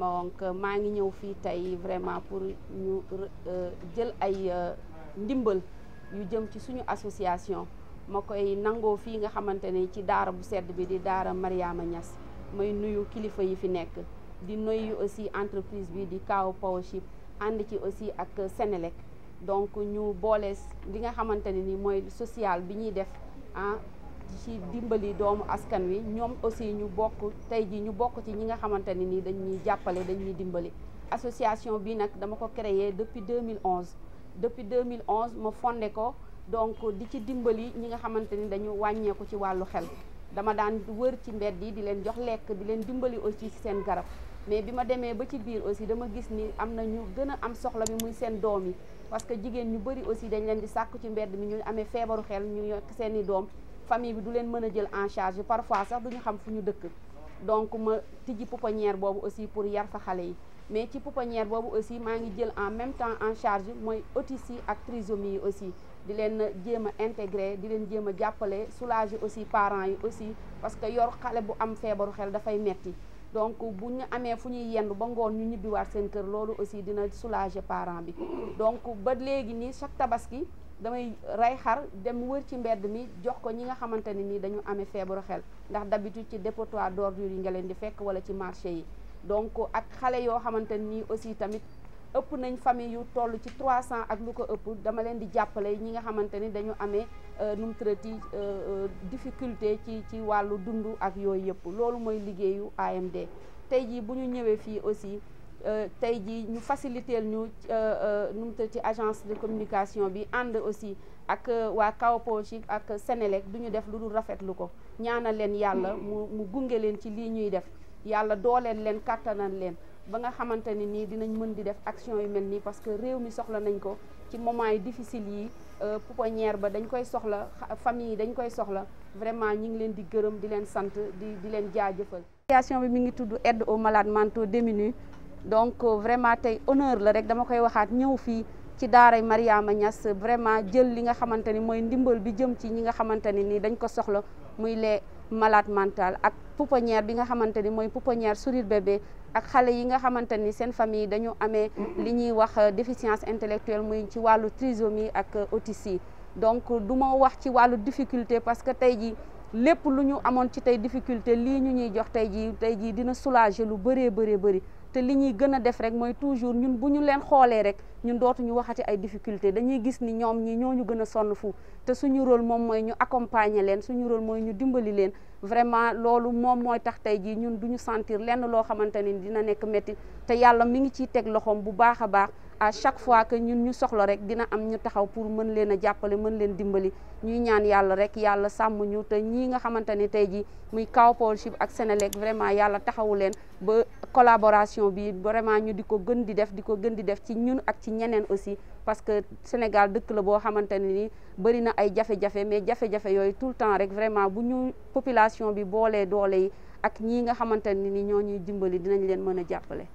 ma maa ngi ñëw fii tey vraiment pour ñu euh, jël ay euh, ndimbal yu jëm ci suñu association ma koy nangoo fii nga xamante ne ci daara bu sedd bi di daara Mariama Niass may nuyu kilifa yi fi nekk di nuyu aussi entreprise bi di Kao Powership ànd ci aussi ak Senelec donc ñu boole li nga xamante ne ni mooy sociale bi ñuy def ah ci dimbali doomu askan wi ñoom aussi ñu bokk tey ji ñu bokk ci ñi nga xamante ne nii dañuy jàppale dañuy dimbali association bi nag dama ko créé depuis mille 2011 depuis deux mille 2011 ma fondé ko donc di ci dimbali ñi nga xamante ni dañu wàññeeku ci wàllu xel dama daan wër ci mbedd yi di leen jox lekk di leen dimbali aussi ci seen garab mais bi ma demee ba ci biir aussi dama gis ni am na ñu gën a am soxla bi muy seen doom yi parce que jigéen ñu bëri aussi dañ leen di sàkku ci mbedd mi ñu amee feebaru xel ñu yokk seeni doom famille bi du leen mën a jël en charge parfois sax duñu xam fu ñu dëkk donc ma tijji pouponnière boobu aussi pour yar fa xale yi mais ci pouponnière boobu aussi maa ngi jël en même temps en charge mooy autisme yi ak trisomie yi aussi di leen jéem a intégré di leen jéem a jàppale soulager aussi parent yi aussi parce que yor xale bu am feebaru xel dafay metti donc bu ñu amee fu ñuy yendu ba ngoon ñu ñibbiwaat seen kër loolu aussi dina soulager parent bi donc ba léegi nii chaque tabaski damay rey xar dem wër ci mbedd mi jox ko ñi nga xamante ne nii dañu amee feebaru xel ndax d'habitude ci dépotoir d'ordures yi nga leen di fekk wala ci marché yi donc ak xale yoo xamante nii aussi tamit ëpp nañ famille yu toll ci 300 ak lu ko ëpp dama leen di jàppale ñi nga xamante ni dañu amee euh, nu mu traité euh, euh, difficulté ci ci wàllu dund ak yooyu yëpp loolu mooy liggéeyu AMD tey jii bu ñu ñëwee fii aussi tey jii ñu facilitel ñu nu mu ci agence de communication bi ànd aussi ak waa Kaopochik ak Senelec du ñu def lu dul rafetlu ko ñaanal leen yàlla mu mu gunge leen ci lii ñuy def yàlla dooleel leen kàttanal leen ba nga xamante ni nii dinañ mën di def action yi mel nii parce que réew mi soxla nañ ko ci moment yi difficile yi euh, pouponnière ba dañ koy soxla famille yi dañ koy soxla vraiment ñi ngi leen di gërëm di leen sant di di leen jaajëfal. association bi mi ngi tudd aide aux malades mentaux démunis donc euh, vraiment tey honneur la rek dama koy waxaat ñëw fii ci daaray Mariama Niass vraiment jël li nga xamante ni mooy ndimbal bi jëm ci ñi nga xamante ni nii dañ ko soxla muy lee malade mental ak pouponnière bi nga xamante ni mooy pouponnière sourire bébé ak xale yi nga xamante ni seen famille dañu amee li ñuy wax euh, déficience intellectuelle mooy ci wàllu trisomie ak euh, autisme donc du ma wax ci wàllu difficulté parce que tey jii lépp lu ñu amoon ci tey difficulté lii ñu ñuy jox tey jii tey jii dina soulager lu bëree bëree bëri te li ñuy gën a def rek mooy toujours ñun bu ñu leen xoolee rek ñun dootuñu waxati ay difficulté dañuy gis ni ñoom ñi ñoo ñu gën a sonn fu te suñu rôle moom mooy ñu accompagner leen suñu rôle mooy ñu dimbali leen vraiment loolu moom mooy tax tey jii ñun du ñu sentir lenn loo xamante ni dina nekk métti te yàlla mu ngi ciy teg loxoom bu baax a baax a chaque fois que ñun ñu soxla rek dina am ñu taxaw pour mën leen a jàppale mën leen dimbali ñuy ñaan yàlla rek yàlla sàmm ñu te ñii nga xamante ni tey jii muy Kao Powership ak Senelec vraiment yàlla taxawu leen ba collaboration bi vraiment ñu di ko gën di def di ko gën di def ci ñeneen aussi parce que Sénégal dëkk la boo xamante ne ni bëri na ay jafe-jafe mais jafe-jafe yooyu tout le temps rek vraiment bu ñu population bi boolee doole yi ak ñii nga xamante ne ni ñoo ñuy dimbali dinañ leen mën a jàppale